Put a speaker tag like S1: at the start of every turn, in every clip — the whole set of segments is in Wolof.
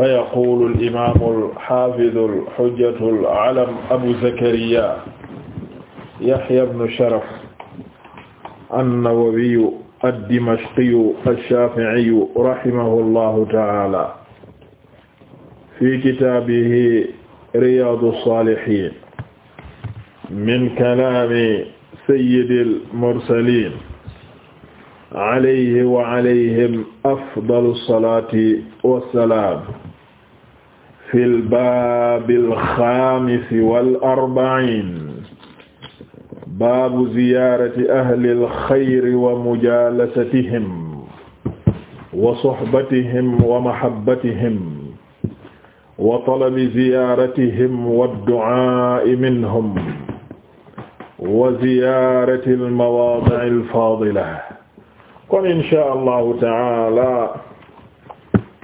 S1: fa yaqulu al-imaamu al-haafidu al-hujjatu al-alam Abu Zakariya Yahya ibnu Sharaf an-Nawawiyu ad-Dimashqiyu ash-Shaafi'iyu rahimahullahu ta'aala fi kitaabihi Riyaadu s-Saalihiin min kalaami sayyidil mursaliin alayhi wa alayhim afdalu s-salaati wa s-salaam fil baabil xaamisi wal arba'iin baabu ziyaarati ahlil xayri wa mujaalasatihim wa soxbatihim wa mahabbatihim wa talabi ziyaaratihim wa du'aa'i minhum wa ziyaaratil mawaadi'il faadila kon incha allahu ta'ala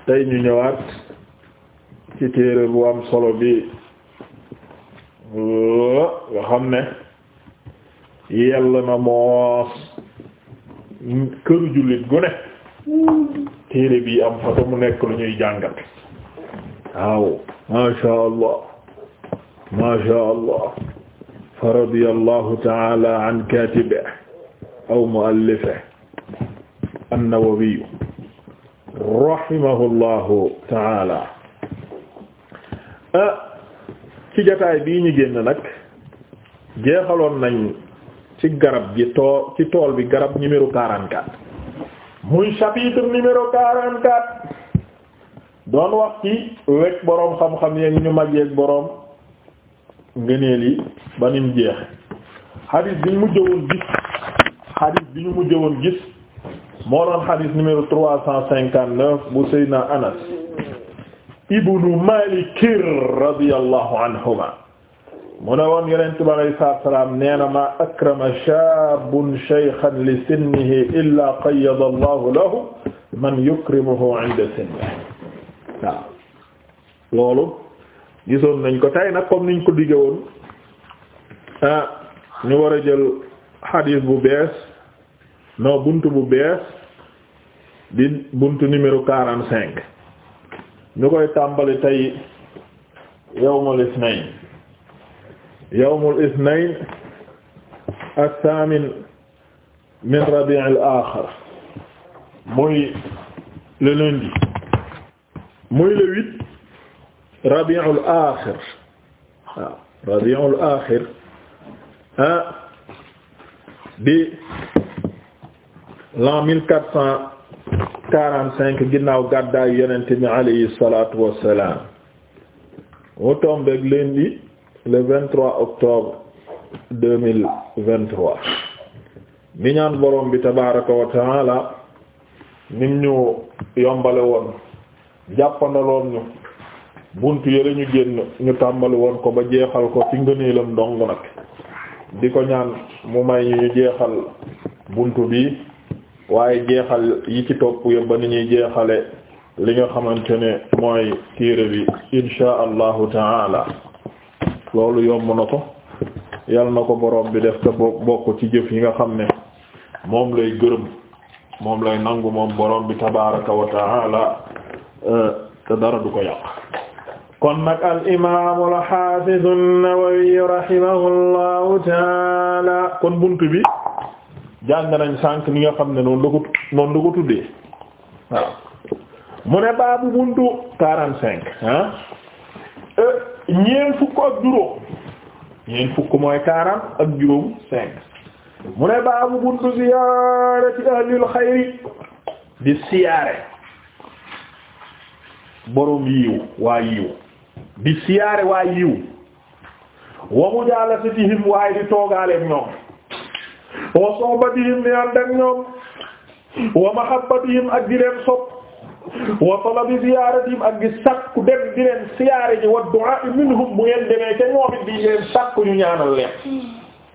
S1: tey ñu ñëwaat. ci téere bu am solo bi euh, nga xam ne yell na moos këru jullit gu ne téere bi am fa mu nekk lu ñuy jàngat waaw ma sha allah ma sha allah fa radiyallahu ta'ala an katibihi aw mu'allifihi an-Nawawi rahimahullahu ta'ala Ah, ci jotaay bii ñu génn nag jeexaloon nañ ci garab gi tool ci tool bi garab numéro 44 muy chapitre numéro 44 doon wax ci wekk boroom xam-xam yeeg ñu mag yeeg boroom ngëneel yi ba nim jeex xadis bi ñu mujj woon gis xadis bi ñu mujj woon gis moo doon xadis numéro 359 bu Seydina Anas ibnu Maalik radiyallahu anhuma mu ne woon yonent bi alayhi salaatu wa salaam nee na maa akrama shaabun shaykhan li sinnihi illaa qayyada Allahu lahu man yukrimuhu inda sinnihi waaw loolu gisoon nañ ko tey nag comme niñ ko digge woon ah ñu war a jël xadiis bu bees non buntu bu bees di buntu numéro quarante cinq ñu koy tàmbali tey yawmul isnayn yawmul isnayn as-saamin min rabi'il aaxir muy le lundi muy le huit rabi'ul aaxir waaw rabi'ul aaxir ah mille quatre cent quarante-cinq ginnaaw gàddaayu yonent bi alayhi salaatu wassalaam mu tombeek lundi le vingt-trois octobre deux mille vingt-trois ni ñaan borom bi tabaaraka wa nim ñu yombale woon jàppandaloon ñu buntu yële ñu génn ñu tàmbali woon ko ba jeexal ko ci ngëneelam dong nag di ko ñaan mu may ñu jeexal buntu bi waaye jeexal yi ci topp yëpp ba ni ñuy jeexale li nga xamante ne mooy téere bi insha allahu taala loolu yomb na ko yal na ko boroom bi def te bokk ci jëf yi nga xam ne moom lay gërëm moom lay nangu moom borom bi tabaraka wa taala euh, te dara du ko yàq
S2: kon nag al imaamu al xaafizu an-Nawawi rahimahullahu taala kon buntu bi
S1: jàng nañ sànq ni nga xam ne noonu la ko noonu la ko tuddee waaw mu ne baabu buntu quarante cinq ah euh, ñeen fukk ak juróom ñeen fukk mooy quarante ak juróom cinq mu ne baabu buntu ziyaarati ahlil xayri di siyaare borom yiw waa yiw di siyaare waa yiw wa mujaalasatihim waaye di toogaaleek ñoom wa sohbatihim ni ànd ak ñoom wa mahabbatihim ak di leen sopp wa talabi ziyaaratihim ak di sakku dem di leen siyaare ji wa du'a minhum bu ngeen demee ca ñoom it di leen sakku ñu ñaanal leen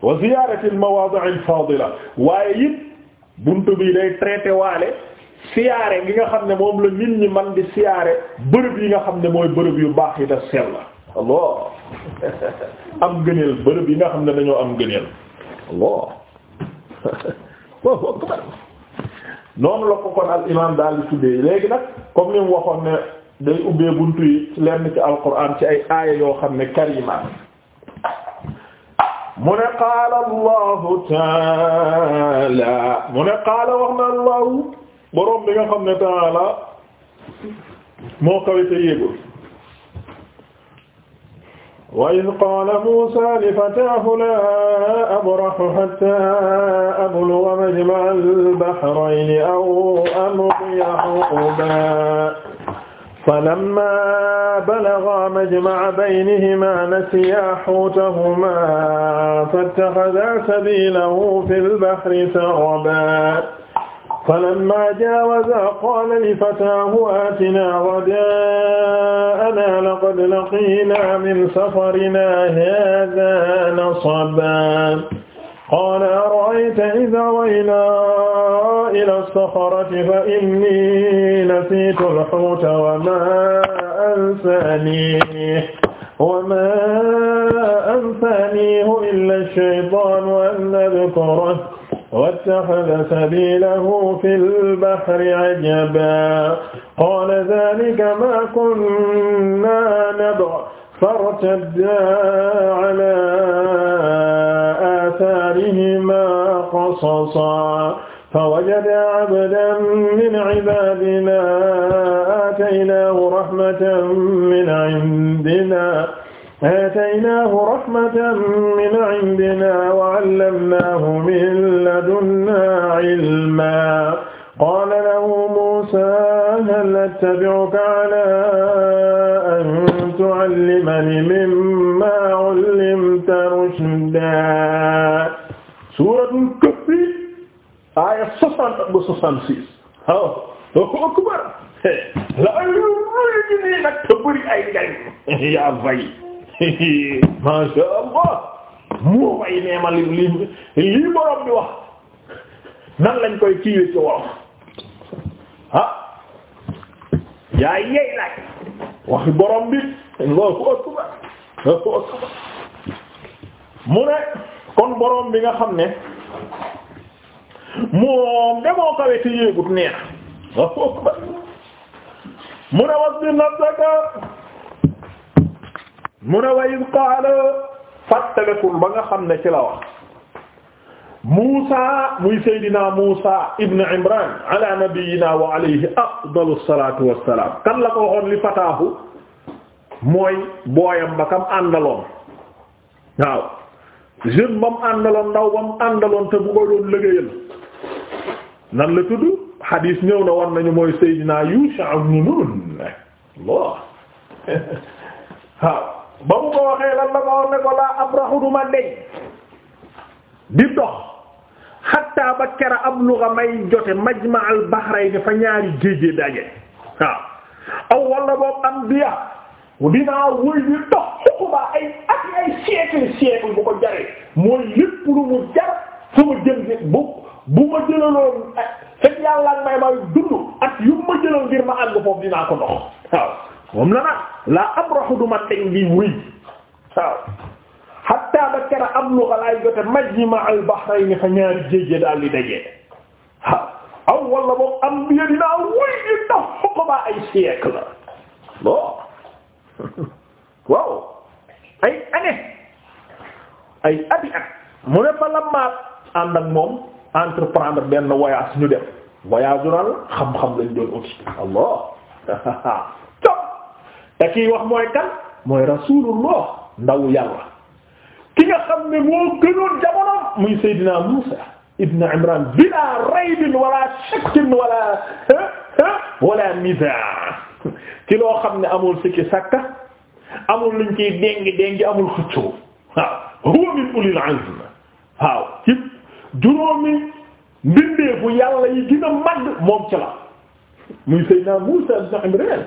S1: wa ziyaarati al-mawaadi'i waaye it buntu bi day traité waale siyaare gi nga xam ne moom la nit ñi man di siyaare bërëb yi nga xam ne mooy bërëb yu baax yi te sell Allah am gëneel bërëb yi nga xam ne dañoo am gëneel Allah waaw akbar noonu la ko kon al daal di tuddee léegi nag comme ni mu waxoon ne day ubbee buntu yi ci lenn ci alquran ci ay aaya yoo xam ne karimaat mu
S2: ne qaala allahu taala
S1: mu ne qaala wax na allahu boroom bi nga xam ne taala moo kawe te yéegul
S2: wa iz qaala muusaa li abrahu hattaa abluga majma'al bahrayni aw amdiya huquban falammaa balagaa majma'a baynihimaa nasiyaa huutahumaa fattaxazaa sabiilahu fil bahri saraba فلما جاوزا قال لفتاه آتنا غداءنا لقد لقينا من سفرنا هذا نصبا قال أرأيت إذ أوينا إلى الصخرة فإني نسيت الحوت وما أنسانيه وما أنسانيه إلا الشيطان أن أذكره واتخذ سبيله في البحر عجبا قال ذلك ما كنا نبغ فارتدا على آثارهما قصصا فوجدا عبدا من عبادنا آتيناه رحمة من عندنا aataynaahu rahmatan min indina wa allamnaahu min ladunnaa ilmaa qaala lahu muusaa hal attabi'uka alaa an tu'allimanii mimmaa 'ullimta rushdaa suuratul kahfi
S1: aaya 60 ba 66 waaw Allahu akbar la
S2: ay nag
S1: te bëri ay njariñ yaa fay masha Allah moo way neema li li borom bi wax nan lañ koy kiiwe ci wolof ah yaa yey laaj borom bi Allahu akbar Allahu kon borom bi nga xam ne moom demoo kawe ci yéegut neena Allahu akbar mu ne wasbir nafsaka mu ne wa iz qaala fattalekul ba nga xam ne ci la wax Muusa muy Seydina Muusa ibn Imran ala nabiyyina wa alayhi afdalu salaatu wassalaam kan la ko waxoon li fataahu mooy booyam ba kam àndaloon waaw jeune ba mu àndaloon ndaw ba mu àndaloon te bu ko doon liggéeyal nan la tudd xadiis ñëw na war nañu mooy Seydina Yuusha ibn Nuun waaw ba mu ko waxee lan la ko wax ne ko laa abrahu duma deñ di dox xatta ba kera abluga may jote majma al bahrayn fa ñaari géej daje waaw aw walla boobu am biya dinaa wëy di dox xuqubaa ay ak ay siècle siècle bu ko jaree mooy lépp lu mu jar fu ma jëm si bu bu ma jëlaloon fekk yàlla may may dund ak yu ma jëlal ngir ma àgg foofu dinaa ko dox waaw moom la nag la abrahu duma tey lii wuy waaw hatta ba kera am lu xalaay jote majma al bahrayni fa ñaari jéjjee daal di dajee waaw aw wala boobu am biya dinaa wuy di tax xuqba ay siècle la bo waaw ay année ay ati at mu ne fa lamaat ànd ak moom entreprendre benn voyage ñu dem voyage rural xam-xam lañ doon uti allah te kiy wax mooy kan mooy rasulullah ndaw yàlla ki nga ne moo gënoon jamono muy Seydina Musa ibn Imran bila raybin wala shakkin xam ne amul sikki sàkka amul luñ ciy déngi déngi amul xëccoo waaw huwa min ulil azm waaw ci juróomi mbindeefu yi gën moom ci la muy Seydina Musa ibn Imran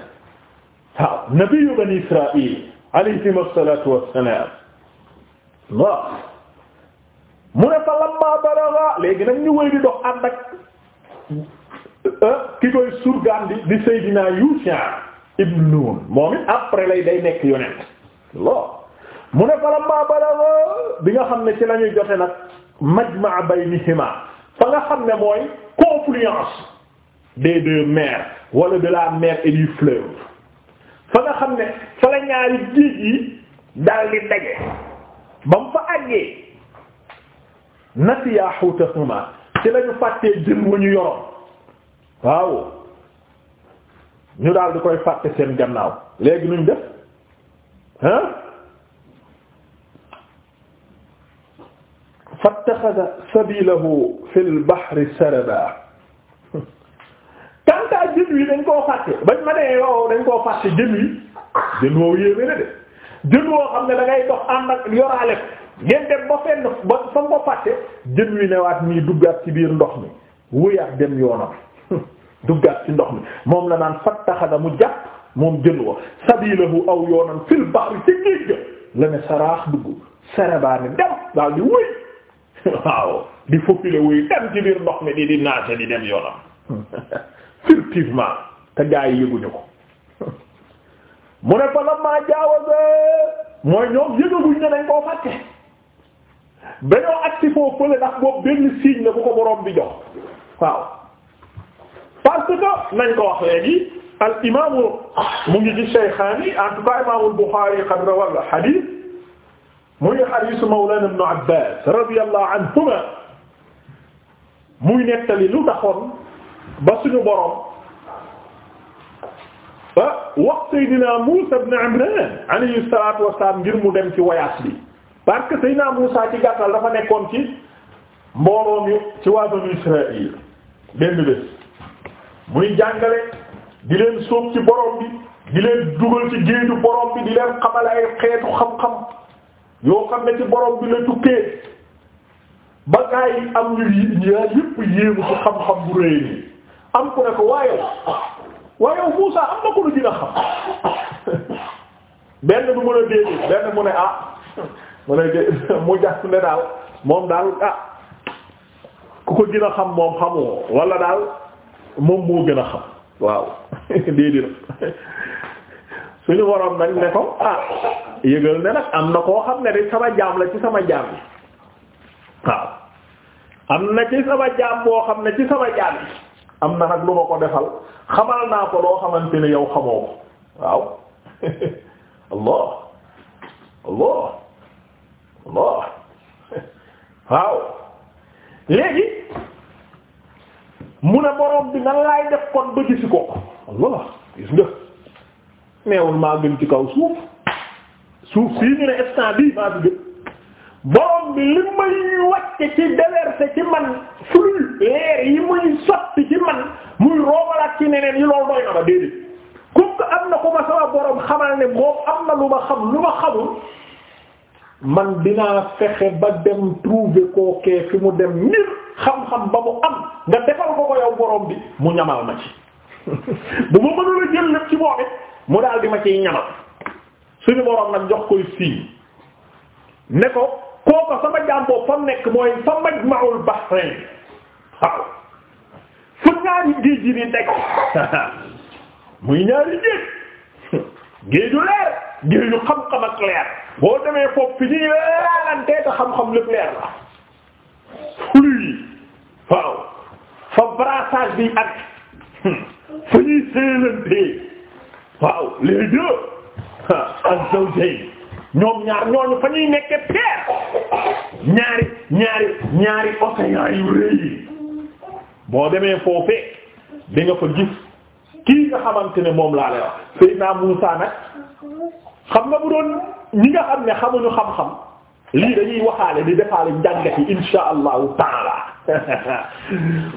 S1: waaw nabiyu bani israil alayhim asalatu wassalam waaw mu ne fa lamma balaga léegi nag ñu wéy di dox ànd ak euh, euh, ki koy surgaan di di Seydina Yusha ibn Nun moom it après lay day nekk yonent lo mu ne fa lamma balaga bi nga xam ne ci la ñuy jote nag majmaa baynihima fa nga xam ne mooy confluence des deux mers wala de la mer et du xam ne fa la ñaari géej yi daal di daje ba mu fa àggee nasiya hutahuma ci lañu fàttee jën wu ñu yoroon ñu daal di koy fàtte seen gannaaw léegi nuñ def ah fattaxada sabilahu fil bahri saraba kanta jën wi dañ koo fàtte bañ ma nee wow oh, dañ koo fàtte jën jën woowu yéeme na de jën woo xam ne da ngay dox ànd ak yoraale ngeen dem ba fenn ba fa nga fàtte jën wi newaat nii duggaat ci biir ndox mi wëyaat dem yoonam duggaat ci ndox mi moom la naan fattaxada mu jàpp moom jën wa bu aw yoonam fil bahri ci géej la ne saraax dugg serebaani dem daal di wëy waaw di fofile wëy dem ci biir ndox mi di di naase di dem yoonam furtivement te gaa yi yëguñu ko mu ne fa la maa jaawase mooy ñoom yëgaguñ ne nañ koo fàtte dañoo agsi foofu fële ndax boobu benn signe la bu ko borom bi jox waaw parce que nañ ko wax léegi al imaamu mu ngi ci Shaykhaani en tout cas imaamul Buxaari qad rawal hadith muy hadiisu Mawlaana Ibnu Abbaas radiyallahu anhuma muy nettali lu taxoon ba suñu borom. wax dinaa Muusa ibn Imran alayhi salaatu wassalaam ngir mu dem ci voyage bi parce que Seydina Muusa ci gàttal dafa nekkoon ci mbooloom mi ci waa banu Israël benn bés muy jàngale di leen sóob ci borom bi di leen dugal ci géeju borom bi di leen xamal ay xeetu xam-xam yoo xam ne ci borom bi la tukkee ba gaa am ñu yëpp yéemu ci xam-xam bu rëy am ku ne ko waaye waaye yow Moussa am na ko lu gën xam benn du mën a déedéet benn mu ne ah mu ne dé mu jàpp ne daal moom daal ah ku ko gën a xam moom xamoo wala daal moom moo gën a xam
S2: waaw
S1: déedéet suñu waroon nañ ne ko ah yëgal ne nag am na koo xam ne de sama jaam la ci sama jaam bi waaw am na ci sama jaam boo xam ne ci sama jaam bi am na nag lu ma ko defal xamal naa ko loo xamante ne yow xamoo ko waaw allah allah allah waaw léegi mu ne borom bi nan laay def kon ba gisi ko allah gis nga neewul maa gën ci kaw suuf suuf sii ñu ne instant bii maa fi borom bi li may wàcce ci déverser ci man flux leer yi muy sotti ci man muy roobalaat ci neneen yi loolu doy na ma déedéet comme que am na ku ma sama borom xamal ne moom am na lu ma xam lu ma xamul man dinaa fexe ba dem trouver kookee fi mu dem nit xam-xam ba mu am nga defal ko ko yow borom bi mu ñamal ma ci bu ma mënula jël lépp ci moom mu daal di ma ciy ñamal suñu borom nag jox koy siiñ ne ko kooka sama jàmboo fa nekk mooy fa majma'ul bahrain waaw fu ñaari géej gi di nekk muy ñaari géej géeju leer géeju xam-xam ak leer boo demee foofu fi ñuy laalantee te xam-xam lépp leer la fluide waaw fa brassage bi ak fa ñuy séenantee waaw les deux ak zawjayn ñoom ñaar ñooñu fa ñuy
S2: nekke peer
S1: ñaari ñaari ñaari océan rëy boo demee foofee di nga gis kii nga xamante ne moom laa lay wax Seydina Muusaa nag xam nga bu doon ñi nga xam ne xamuñu xam-xam lii dañuy waxaale di defaale njàngat yi insha allahu taala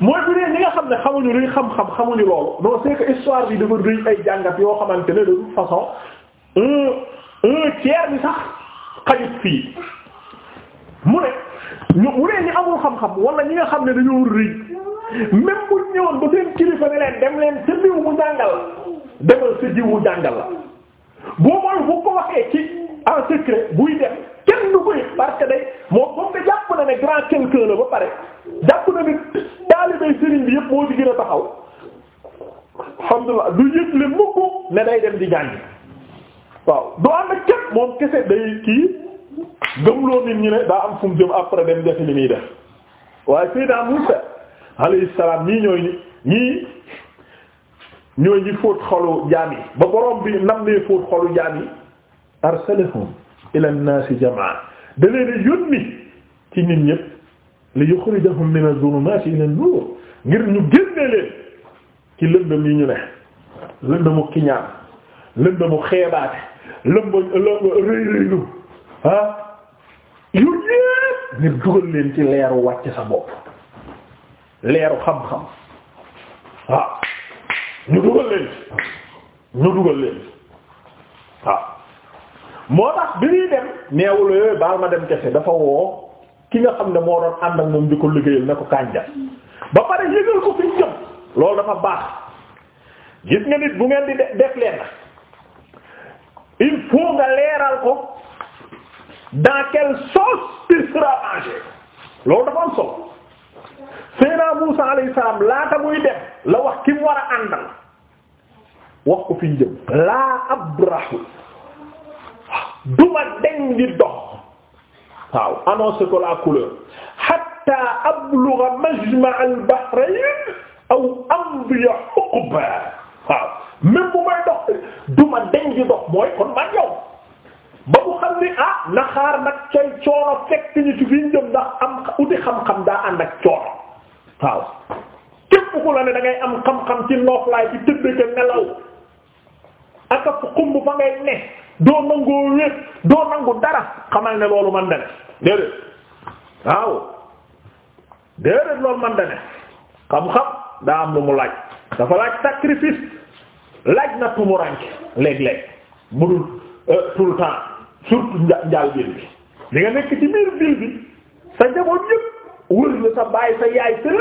S1: mooy bu dee ñi nga xam ne xamuñu luy xam-xam xamuñu loolu non c'est que histoire bi dafa rëy ay jàngat yoo xamante ne de toute façon euh, un tiers bi sax xajut fii mu ne ñu mu ne ñi amul xam-xam wala ñi nga xam ne dañoo rëy même bu ñëwoon ba seen kilifa ne leen dem leen sa mu jàngal demal sa mu jàngal la boo mooy bu ko waxee ci en secret buy dem kenn du koy parce day moom moom nga jàpp na ne grand quelqu'un la ba pare jàpp na ne taalibey sëriñ bi yëpp moo ci gën a taxaw alhamdulillah du yëg le mukk ne day dem di jàngi waaw doo am nag képp moom kese day kii gëmloo nit ñi ne daa am fu jëm après dem def li muy def waaye Seydina Muusaa alayhi salaam ñii ñooy ñii ñooy ñi fóot xolu jaam yi ba borom bi nam nee fóot xolu jaam yi arsalahum ila an-naasi jamaa da leen yónni ci nit ñépp li yuxrijahum min az-zulumaati ila an-nuur ngir ñu génne leen ci lëndëm yi ñu ne lëndëmu kiñaan lëndëmu xeebaate lëmba rëy rëylu ah yu yépp ngir dugal leen ci leeru wàcc sa bopp leeru xam-xam waaw ah. ñu dugal leen ñu dugal leen waaw ah. moo tax bi ñuy dem neewul yooyu baal ma dem kese dafa woo ki nga xam ne moo doon ànd ak moom di ko liggéeyal ne ko kànja ba pare yëgal ko fi jëm loolu dafa baax gis nga nit bu ngeen di def leen na il faut nga leeral ko dans quelle sauce il sera mangé loolu dafa am solo Seydina Muusa alayhi salaam laata muy dem la wax ki mu war a àndal wax ko fi ñu jëm laa abrahu duma deñ di dox waaw annonce ko la couleur hatta ablugha majma al bahrayn aw amdiya huqba waaw même bu may dox du ma deñ di dox mooy kon man yow ba mu xam ni ah na nag cay coono fekk ñu ci fi ñu ndax am uti xam-xam daa ànd ak coono waaw képp ku la ne da am xam-xam ci noflaay ci tëdd ca nelaw ak xumb fa ngay ne doo nangoo wéet doo nangu dara xamal ne loolu man da ne déedéet waaw déedéet loolu man da ne xam-xam daa am lu mu laaj. dafa laaj sacrifice laaj na tumuranke léeg-léeg budul euh, tout temps surtout nja njaal biir bi li nga nekk ci biir biir bi sa njaboot yëpp wër la sa baay sa yaay sa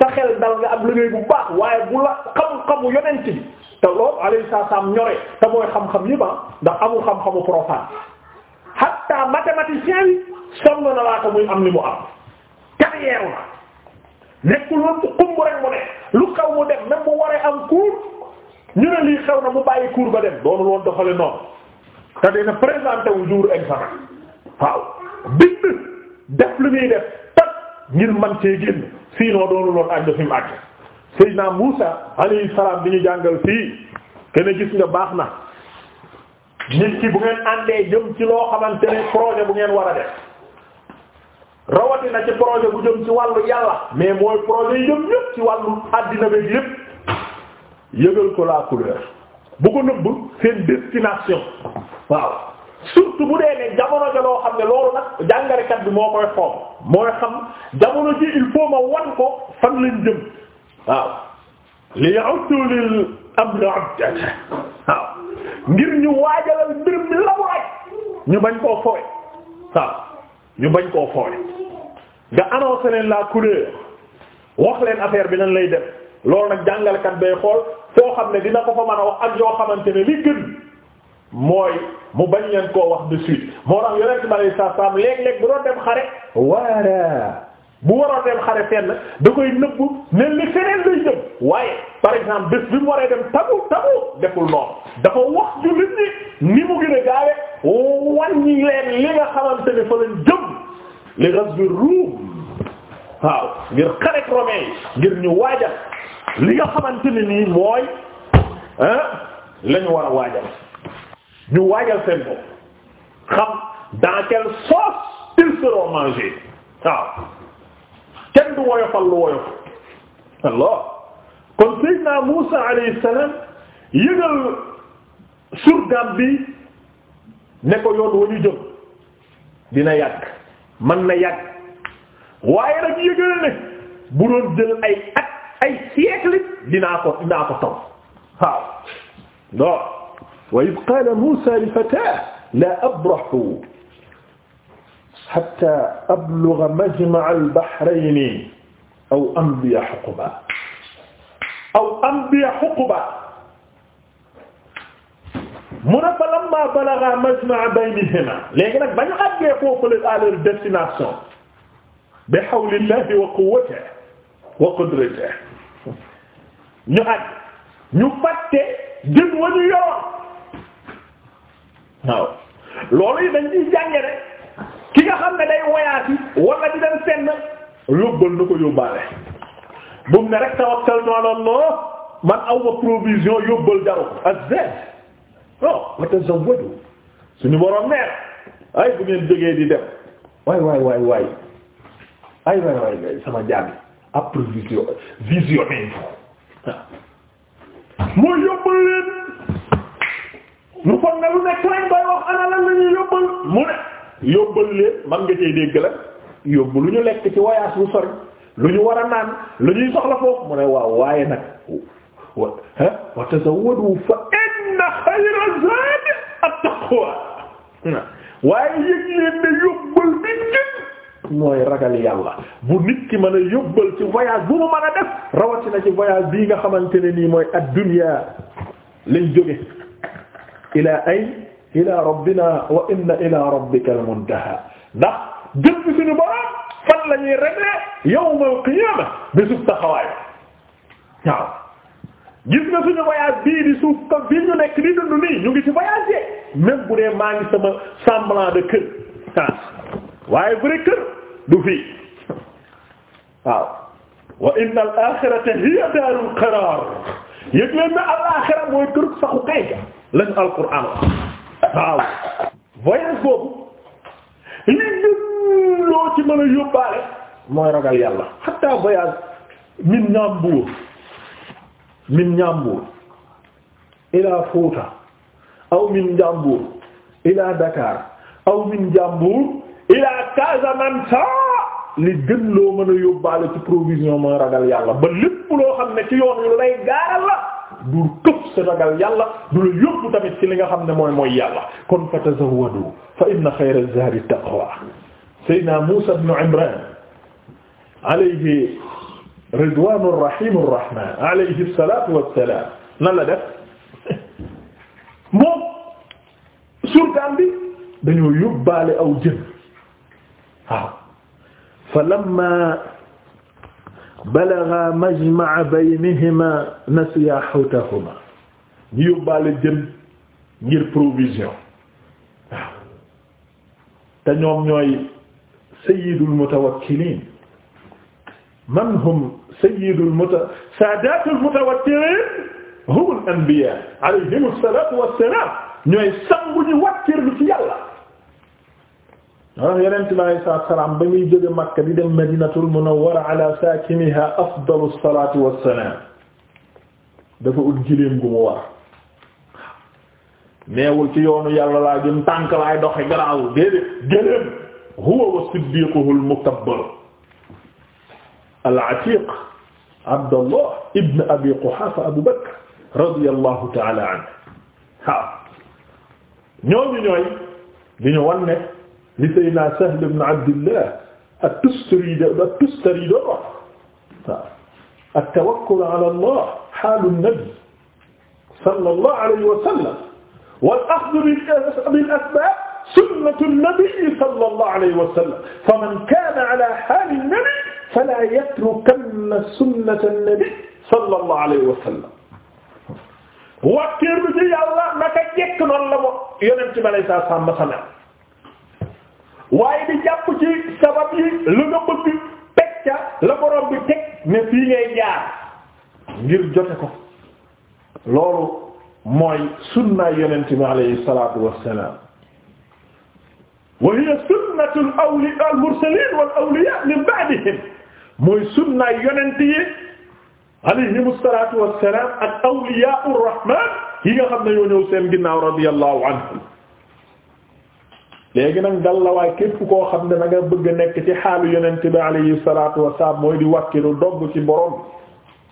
S1: sa xel dal nga am liggéey bu baax waaye bu la xam-xamu yonent bi te loolu alayhi saam ñoree te mooy xam-xam yi ba ah. ndax amul xam-xamu profane hatta mathématicien bi sonn na laata muy am li mu am carrière na nekkul woon ku xumb rek mu ne lu xaw mu dem même bu waree am cours ñu ne lii xaw na mu bàyyi cours ba dem doonul woon doxale noonu te na présenté wu jour examen waaw bind def lu muy def tag ngir man cee génn sinon doonul woon àgg fi mu àgg Seydina Muusa alayhi salaam bi ñu jàngal fii kenn gis nga baax na nit ci bu ngeen àndee jëm ci loo xamante ne projet bu ngeen war a def na ci projet bu jëm ci wàllu yàlla mais mooy projet yi jëm ci wàllu àddina beeg yépp yëgal ko la couleur bu ko nëbb seen destination waaw surtout bu dee ne jamono ja xam ne loolu nag jàngalekat bi moo koy xoom mooy xam jamono ji il faut ma wan ko fan jëm waaw li ya'uddu lil amri abdan waaw ngir ñu waajalal mbir la mu ñu bañ koo fowe waaw ñu bañ koo fowe nga annoncé leen la couleur wax leen affaire bi nan lay def loolu nag jàngalekat bay xool foo xam ne dina ko fa mën a wax ak yoo xamante ne li gën mooy mu bañ leen koo wax de suite moo tax yonent bi alay saa salaam léeg-léeg bu doon dem xare waara bu a dem xare fenn da koy nëbb ne li feneen lay jëm waaye par exemple bés bi mu waree dem tabu tabu deful noonu dafa wax jullit ñi ni mu gën a gaawe wàññi leen li nga xamante ne fa lañ jëm li ghazwir Rum waaw ngir xarek romain ngir ñu waajal li nga xamante ne nii mooy la ñu war a waajal ñu waajal seen bopp xam dans quelle sauce
S2: ils seront mangés waaw
S1: kenn du woyofal lu woyof Allah kon Seydina Muusa alayhi salaam yëgal surgam bi ne ko yoon wa ñu jëm dina yàgg mën na yàgg waaye nag yëgal ne bu doon jël ay at ay siècle dinaa ko dinaa ko taw waaw non wa id qala Musa li fatah la abrahu hatta ablugha majma'a al-bahrayni aw amdiya huquba aw amdiya huquba mu ne fa lamma balagha majma'a baynihima léegi nag ba ñu àggee foofule à leur destination bi hawlillahi wa quwwatihi wa qudratihi ñu àgg ñu fàtte jën wa ñu yoroon waaw loolu yi dañ ciy jànge rek ki nga xam ne day voyage wala di dem fenn yóbbal na ko yóbbaale bu mu ne rek tawakkaltu Allah man aw provision yóbbal jaru ak oh wa tazawwadu suñu borom neex ay bu ngeen jógee di dem waay waay waay waay ay waay waay waay sama jaabi approvision visionné ah. mooy yóbbal leen ñu foog ne lu nekk lañ koy wax ana yóbbal mu ne yóbbal leen man nga cay dégg la yóbbu lu ñu lekk ci voyage bu sori lu ñu war a naan lu ñuy soxla foofu mu ne waaw waaye nag wa tazawwadu fa taqwa waaye yëg ne yóbbal bi njëkk mooy ragal yàlla bu nit ki mën a ci voyage bu mu def rawatina ci voyage bii nga xamante ne nii mooy ad-dunya lañ jóge ila ay ila rabbina wa inna ila rabbika al-muntaha ndax jëm bi suñu borom fan la ñuy régler yawmal qiyaama bésub taxawaay waaw gis nga suñu voyage bii di suuf ko bii ñu nekk di dund nii ñu ngi ci voyage même bu dee maa ngi sama semblant kër ah waaye vrai kër du fii waaw wa inna al mooy kër saxu kay ga lañ alquran waaw voyage boobu li loo ci mën a yóbbaale mooy ragal yàlla hatta voyage min ñaam min Njàmbur ila Fuuta aw min Njàmbur ila Dakar aw min Njàmbur ila Casamance li gën loo mën a yóbbaale ci provision mooy ragal yàlla ba lépp loo xam ne ci yoon lay gaaral la du këpp sa ragal yàlla du la yóbbu tamit ci li nga xam ne mooy mooy yàlla kon fa tazawwadu fa inna xayra az-zaadi taqwa Muusa ibn Imraan alayhi ridwanu rahimu rahman alayhi salatu wassalam nan la def moom surgaan bi dañoo yóbbaale aw jën waaw fa lamma balagha majma'a baynihima nasiya hutahuma ñu yóbbaale jën ngir provision waaw te ñoom ñooy sayyidul mutawakkilin man hum sayyidul muta saadatul mutawattirin humul anbiya alayhimu salaatu wassalaam ñooy sangu ñu wattirlu ci yàlla. waaw ah, yeneen bi alayhi salaatu salaam ba muy jóge Makka di dem Madinatul Munawwara ala saakinihaa afdalu salaatu wassalaam dafa ut gileem gu mu war neewul ci yoonu yàlla laa jëm tànk laay doxe garaawul déedéet gëléem huwa wa siddiquhu al mukabbar al-Atiq Abdallah ibn Abi Quhafa Abu Bakr radiyallahu ta'ala anhu waaw ñooñu ñooy di ñu wan ne li Sayyidina Sahl ibn Abdillah at-Tustari at-Tustari doon wax waaw at-tawakkul ala Allah halu an-nabi sallallahu alayhi wa sallam wal-akhdhu bil-asbab sunnatu nabi sallallahu alayhi wa sallam faman kaana ala haali nabi fala yatrukanna sunnata nabi sallallahu alayhi wa sallam wàkkeer bi ci yàlla naka jekk noonu la mo yonent bi alayhi salaatu salaam masana waaye di jàpp ci sabab yi lu nga bëgg teg ca la borom bi teg ne fii ngay jaar ngir jote ko loolu mooy sunna yonent bi alayhi salaatu wassalaam wa hiya sunnatul awliyaa al mursaliin wal awliyaa min ba'dihim mooy sunna yonent yi alayhimu salaatu wa salaam ak awliyaa ar-rahmaan yi nga xam ne ñoo ñëw seen ginnaaw radiyallahu anhum léegi nag dallawaay képp koo xam ne da nga bëgg a nekk ci xaalu yonent bi alayhi salaatu wa salaam mooy di wàkkilu dogg ci borom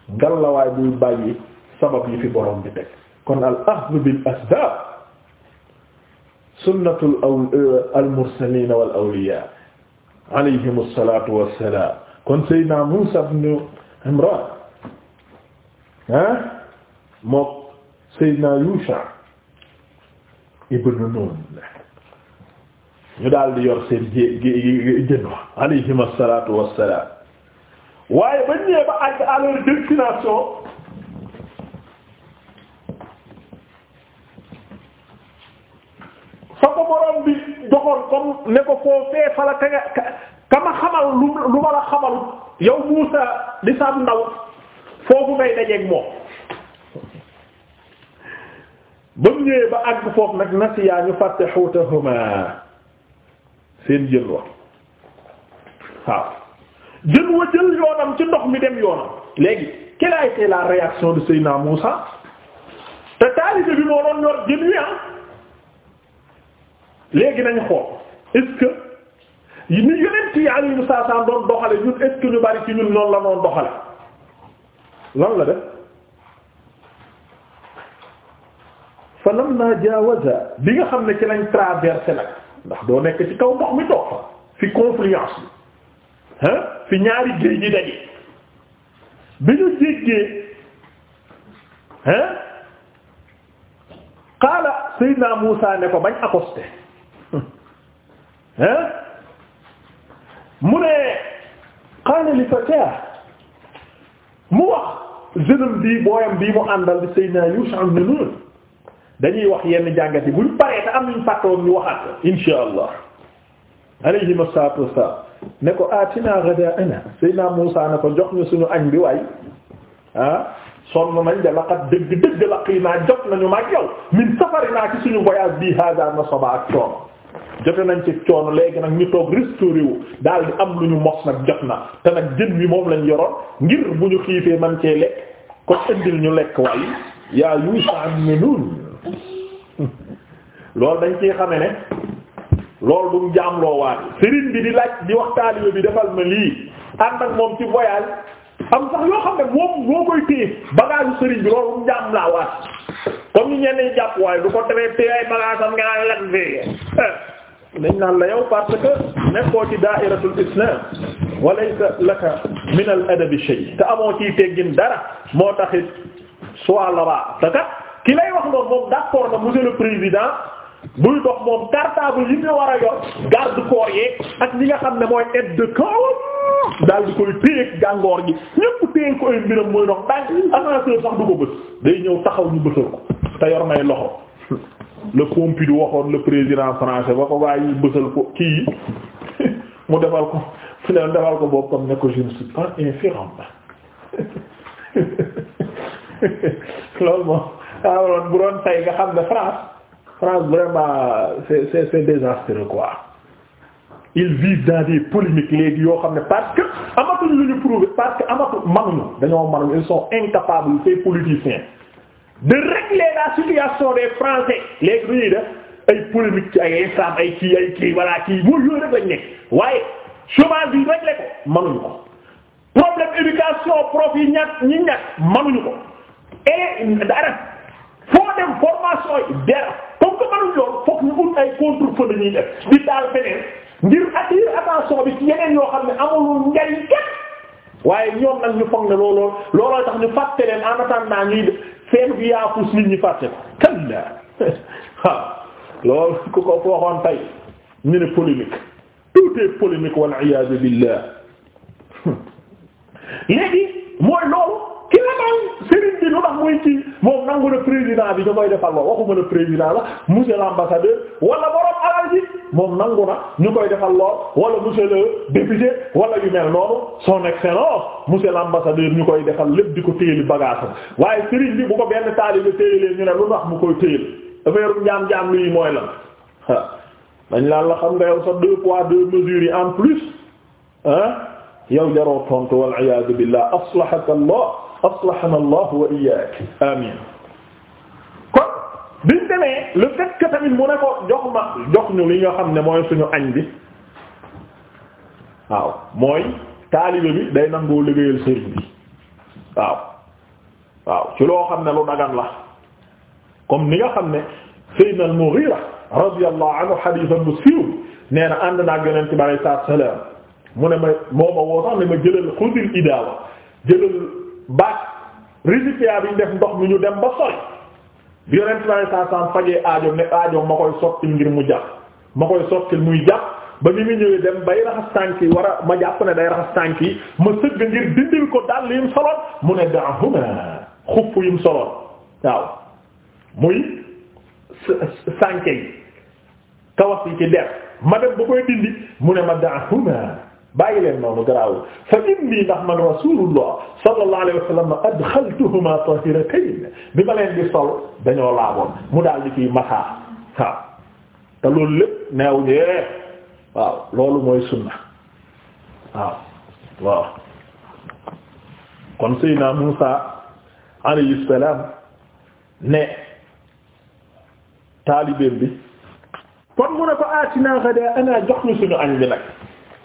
S1: bi dallawaay buy bàyyi sabab yi fi borom bi teg kon al axdu bil asbaab sunnatul aw euh, al mursaliin wal awliyaa alayhimu salaatu wa salaam kon Seydina Muusaa ibn Imraan ah mook Seydina Yuusha ibn Nuun ñu daal di yor seen jé jé jën wa alayhimu salaatu wa salaam waaye ba ñëwee ba àgg à leur destination. ko borom bi joxoon comme ne ko foo fee fala ka nga ka ma xamal lu ma la xamal yow Muusa di sa ndaw foofu ngay dajeeg moom ba mu ñëwee ba àgg foofu nag nasiyaa ñu fàtte xuutahuma seen jël wa waaw jël wa jël yoonam ci ndox mi dem yoonam léegi quelle a été la réaction de Seydina Moussa te taalibe bi moo doon yor jën wi ah léegi nañ xool est-ce que ni yonent yi alayhimu salaam doon doxale ñun est-ce que ñu bari ci ñun noonu la doon doxale lan la def fa lamma jaawaza bi nga xam ne ci lañ traversé nag ndax doo nekk ci kaw ndox mi toog fa fi confluence bi hein fi ñaari géej yi daje bi ñu jéggee hein qaala Seydina Muusaa ne ko bañ accosté
S2: ah
S1: mu ne qaala li fataah mu wax jeune bii booyam bii mu àndal di Seydina Yusha ibn Nun dañuy wax yenn jàngat yi buñ paree te am nañ fàtte woon ñu waxaat insha allah alayhi salaatu wassalaam ne ko atina ghadaana Seydina Muusaa ne ko jox ñu suñu añ bi waay ah sonn nañ de laqad dëgg dëgg laqii naa jot nañu maag yow min safarinaa ci suñu voyage bii hada nasaba ak coono jote nañ ci coono léegi nag ñu toog restauré wu am lu ñu mos nag jot na te nag jën wi moom lañ yoroon ngir bu ñu xiifee man cee lekk ko indil ñu lekk waaye yaa Yuusa ibn Nun loolu dañ ciy xame ne loolu du mu jaamloo waat sëriñ bi di laaj di wax taalibe bi defal ma lii ànd ak moom ci voyage am sax yoo xam ne moom moo koy téye bagage sëriñ bi loolu du mu jaamlaa waat comme ni ñenn ñi jàpp waaye du ko te ay bagaasam nga naan lan dañ naan la yow parce que nekkoo ci daa'iratul islam wa laysa laka min adabi shay te amoo ciy teggin dara moo taxit soit la ba te kat ki lay wax noonu moom d'accord na monsieur le président buy dox moom cartable yi ñu war a yor nga xam ne mooy aide de camp daal di koy téyeeg gàngoor gi ñépp téye ko ay mbiram mooy dox daañu avancé sax du ko bës day ñëw taxaw ñu bësal ko. te yor nay loxo le Pompidou waxoon le président français ba ko gaa bësal ko kii mu defal ko fi leen defal ko boppam ne ko je ne suis pas infirme loolu moom waaw bu doon tay nga xam ne France France vraiment c'est c'est c'est désastreux quoi ils vivent dans des polémiques léegi yoo xam ne parce que amatuñ lu ñu prouver parce que amatu manuñu dañoo manuñu ils sont incapables ces politiciens de régler la situation des français léegi lu ñuy def ay polémique ci ay islam ay kii ay kii walla kii bu yooyu rek lañ nekk waaye chômage bi régler ko manuñu ko problème éducation prof yi ñàkk ñi ñàkk manuñu ko et dara foo dem formation yi dara comme que manuñu loolu fokk ñu ut ay contre-feu la ñuy di daal beneen ngir attirer attention bi ci yeneen yoo xam ne amul njariñ kenn waaye ñoom nag ñu foog ne looloo looloo tax ñu fàtte leen en attendant ñuy seen bi yaa fuus nit ñi fàtte kalla waaw loolu ku ko waxoon tey ñu ne polémique tout est polémique wal iyaadu billah léegi mooy loolu ki la daal Serigne bi lu tax muy ci moom nangu na président bi ñu koy defal lool waxuma ne président la monsieur l'ambassadeur wala borom alal ji moom nangu na ñu koy defal lool wala monsieur le député wala yu mel noonu son excellence monsieur l'ambassadeur ñu koy defal lépp di ko téyeli bagaasam waaye Serigne bi bu ko benn taalibe téyelee ñu ne lu tax mu koy téyel dafa njaam njaam luy mooy lan dañ la la xam nga yow sa deux poids deux mesures en plus ah yow jaroo tontu wal iyaadu billah aslahaka Allah aslahana allah wa iyyaak amin kon biñ demee le fait que tamit mu ne ko jox ma jox ñu li nga xam ne mooy suñu añ bi waaw mooy taalibe bi day nangoo liggéeyal sëriñ bi waaw waaw ci loo xam ne lu dagan la comme ni nga xam ne sayyidna al-Mughira radiyallahu anhu hadithan bu siiw nee mu ne ma moo ma woo sax ne ma jëlal xudil idaawa baag récipient bi def ndox mi ñu dem ba sori yonent naa saa saa fajee aajo ne aajo ma koy sotti ngir mu jàpp ma koy sotti muy jàpp ba ni mu ñëwee dem bay raxas tànk yi war a ma jàpp ne day raxas tànk yi ma sëgg ngir dindil ko dàll yim soloon mu ne daahuma xupp yim soloon waaw muy sànke yi kawas yi ci der ma dem ba koy dindi mu ne ma daahuma bàyyi leen noonu garaawul fa inni ndax man rasulullah sallallahu alayhi wa sallam bi ma leen di sol dañoo laaboon mu daal di ciy masaa waaw te loolu lépp loolu mooy sunna waaw waaw kon Seydina Muusa ne taalibeem bi kon mu ne ko aatinaa ghadaa ana jox ñu suñu bi nag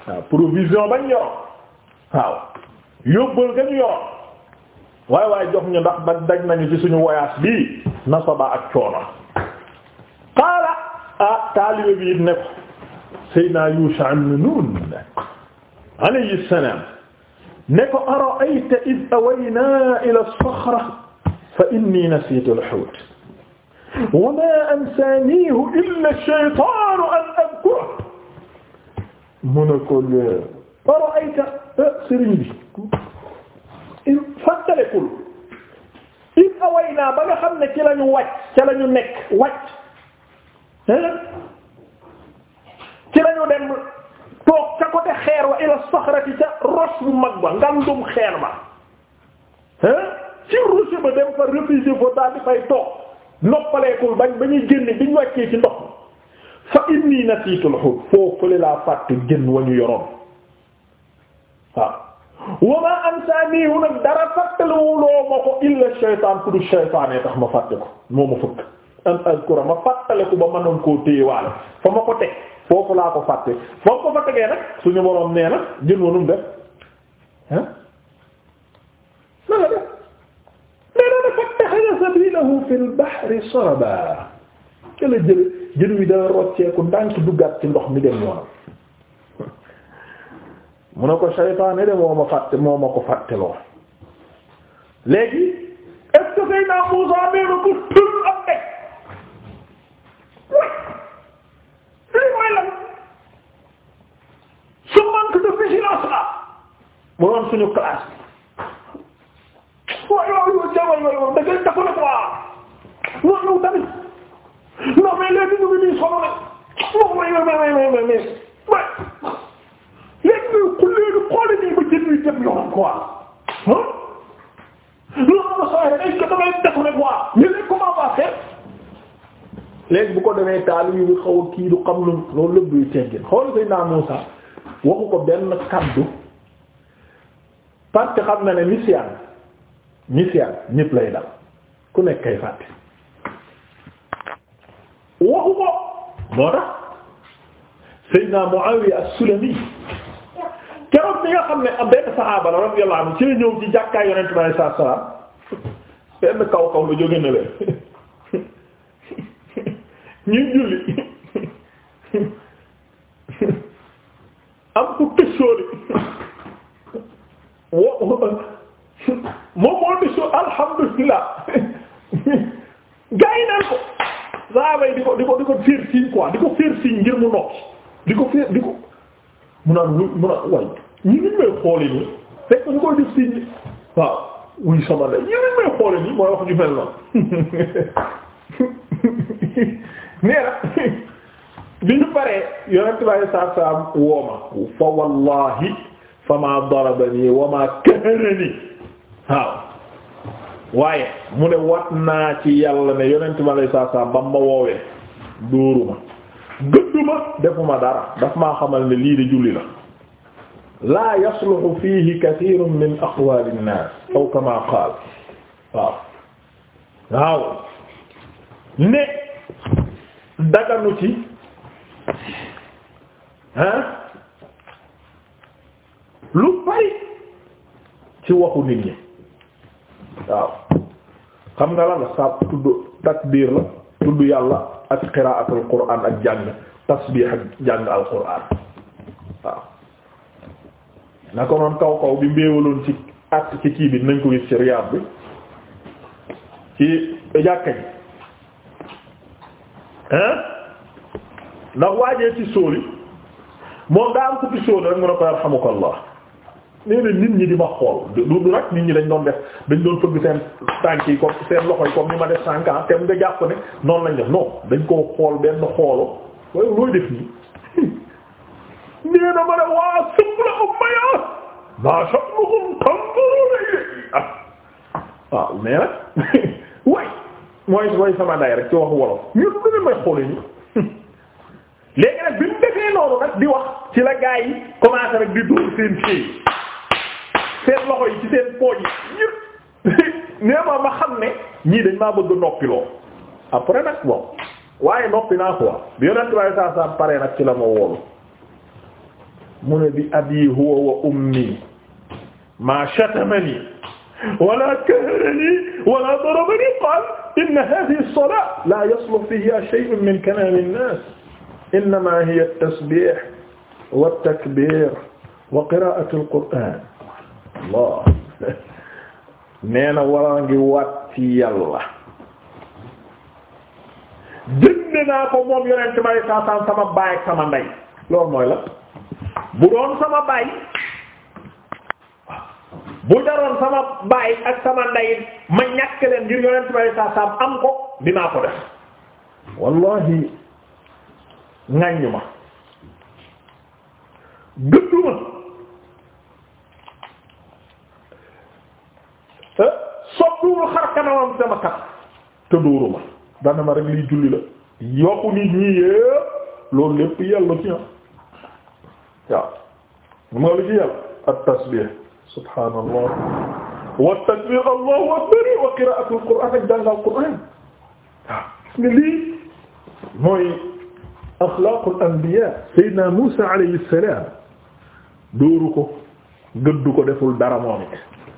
S1: waaw provision bañ yoroon waaw yóbbal nga ñu yoroon waaye waaye jox ñu ndax daj daj nañu ci suñu voyage bii nasaba ak coono qaala ah taalibe bi it ne ko Seydina Yusha ibn Nun alayhi salaam ne ko ara'ayta id awaynaa ila as-saxra fa inni nasiitu al-xuut wa maa ansaaniihu illa ash-shaytaanu an adkurahu mu ne ko le paro ayta eh, sëriñ bi il fàttalikul il away naa ba nga xam ne ci lañu wàcc cela lañu nekk wàcc eh? ci lañu dem toog ca côté xeer wa ila saxrati ca roche bu mag ba ngandum xeer ba eh? ci roche ba dem fa réfugié fa daal di fay toog noppaleekul bañ ba ñuy génn biñ wàccee ci ndox fa inni nasiitul xut ngaa fàtte gën wa ñu yoroon waaw wa tax ma fàtte ko moo fa ma ko teg foofu laa ko fàtte ko fa tegee nag suñu boroom nee na jën wanum def ah na nga def nee na fattaxaza sabilahu fil bahri saraba jële jële jën wi daa rocceeku ndànk duggaat ci ndox mi dem yoonam mu ne ko shaytaane de moo ma fàtte moo ma ko fàtteloo léegi est-ce que say naa Muusaa mee ko tël am nekk lii mooy lan su manque de vigilance la mu doon suñu classe waaye waaye waaye jaman yooyu moom da ngay dafa la quoi waaye yow tamit non mais léegi ñu ngi nii solo la waaye waaye waaye waaye waaye bàyyi ba jën wi jëm yoon quoi ah loolu saa yi est-ce que damay def rek waa ñu ne comment on va faire léegi bu ko demee taal yi xaw a kii du xam lu loolu lépp luy teggin xool say naa Muusa waxu ko benn kaddu parce que xam na ne mission mission ñëpp lay dal ku nekk kay fàtte waxu ko moo tax Seydina Muawiya as-Sulami ñi nga xam ne am benn saxaaba la radiyallahu anhu ci la ñëw ci jàkkaay yonent bi saa salaam benn kaw kaw la jóge na leen ñuy am ku tësooli wo moom moo tësoo alhamdulillah gaa yi naan ko saxaaba yi di ko di ko di ko fiir siñ quoi di ko fiir siñ mu nokki di ko fiir di ko mu naan mu naan way ñu ngi may xooli nii fekk ñu koy def si waaw wuy sama ndey ñu ngi may xooli nii mooy wax ju noonu nee bi ñu paree yonent bi alayhi salaatu salaam wooma fa wallahi fa ma darabani wa ma kaharani waaw waaye mu ne wat naa ci yàlla ne yonent bi alayhi salaatu salaam ba ma woowee dóoruma gëdduma defuma dara daf maa xamal ne lii de julli la laa yasluhu fiihi kathirun min aqwali nnaas aw kama qaal waaw waaw ne daganu ci ah lu bari ci waxu nit ñi waaw xam nga la la sa tudd takbiir la tudd yàlla ak qiraatul quraan ak jàng tasbiix ak jàng al quraan waaw na ko noon kaw kaw bi mbéewaloon ci att ci kii bi nañ ko gis ci Riyad bi ci jàkka ji hein ndax waajee ci sóoli moom daa am ko ci sóoli rek mun a ko yarhamukallah nee na nit ñi di ma xool du du nag nit ñi dañ doon def dañ doon fëgg seen tànk yi comme seen loxo yi comme ni ma def sànq ah te nga jàpp ne noonu lañ def non dañ koo xool benn xoolu looy def nii yéen a mën a waa suqla ummaya maa ah, sama day rek ci waxu wolof ñun lu ne bi mu defee noonu nag di wax ci la gaa yi commencé rek di dóor seen fii seen loxo yi ci seen pooj yi nee ma ma xam ne ñii dañ maa bëgg noppiloo après nag bon waaye noppi naa quoi bi yonent bi sallallahu alayhi wasallam pare nag ci la ma woolu mu ne bi abi huwa wa ummi ma shatamani wala kahrani wala darabani qaal inna haadhihi as-salaat laa yasluhu fiihaa shay'un min kalaami an-naas innamaa hiya at-tasbiih wa at-takbiir wa qiraa'atu al-qur'aan Allah nee na waraa ngi waat ci yàlla jënd naa ko moom yonent bi sama baay ak sama ndey loolu mooy la bu doon sama baay bu daroon sama baay ak sama ndey ma ñàkk leen ngir yonent bi saa am ko dinaa ko def wallahi ŋaññu ma gëddu ma soppiwul xar kanamam sama kat te dana ma rek liy julli la yokku nit ñi yépp loolu lépp yellu ci ñoom waaw moo lu ci yàlla at tasbih subhaanallah wa takbir allahu akbar wa qira'atul qur'an ak jàngal qur'an waaw gis nga lii mooy axlaaqul anbiya sayyidina Musa alayhi salaam dóoru ko gëddu ko deful dara moom it